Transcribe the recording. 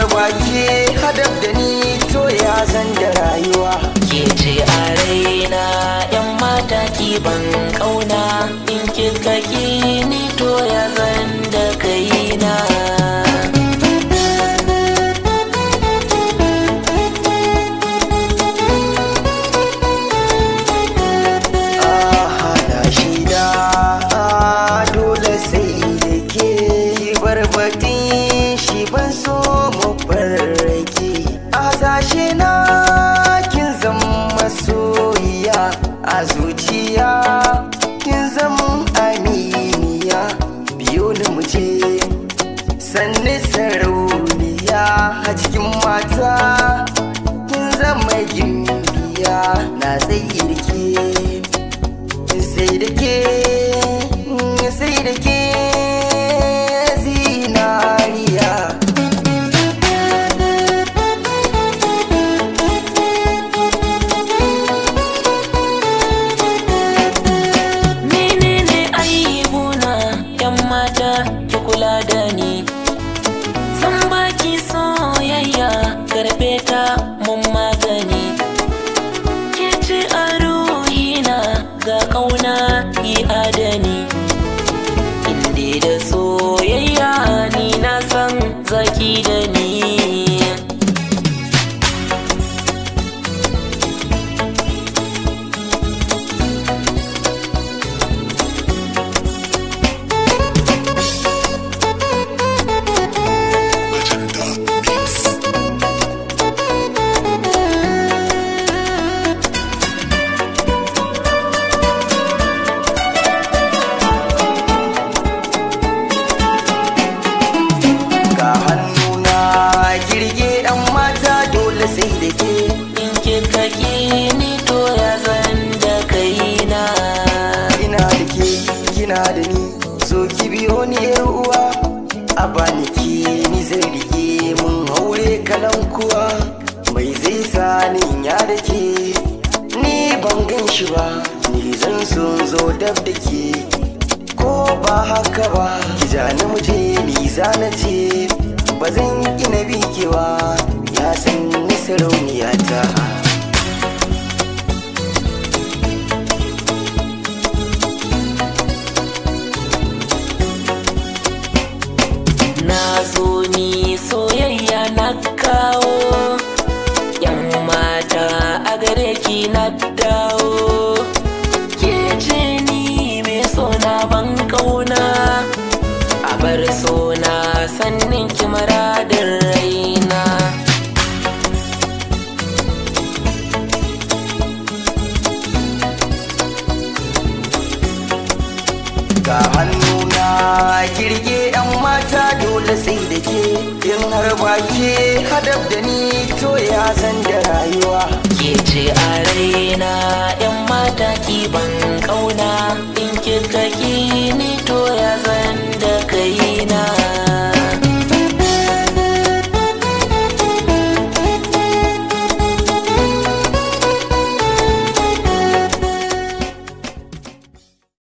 har ke hadab da ni to ya zan da rayuwa ke ce a raina yan mata ki ban kauna in kika ki ni to ya zan da kaina a zuciya kin zama aminiya biyo ni muje sanne sarauniya a cikin mata kin zama gimbiya na tsayirke sai da ke sai da ke da san baki soyayya karbe ta mun magani ke ce a ruhina ga ƙauna kaki ni to ya zan da kaina ina da ke kina da ni zo ki biyo ni uwa a baniki ni zai rike mun haure kalan kuwa mai zai sa ni ya dake? ni ban gan shi ba ni zan sun zo dab da ke ko ba haka ba ki ja ni mu je ni zana ce ba zan gina bikewa ya san ni sarauniya gare ki na dawo ke ce ni mai sona ban kauna a bar sona sannin ki maradin raina ga hannuna kirge yan mata dole sai da ke yin har baki hadab da ni to ya san da rayuwa ce a raina in mata kiban ƙauna kauna in kika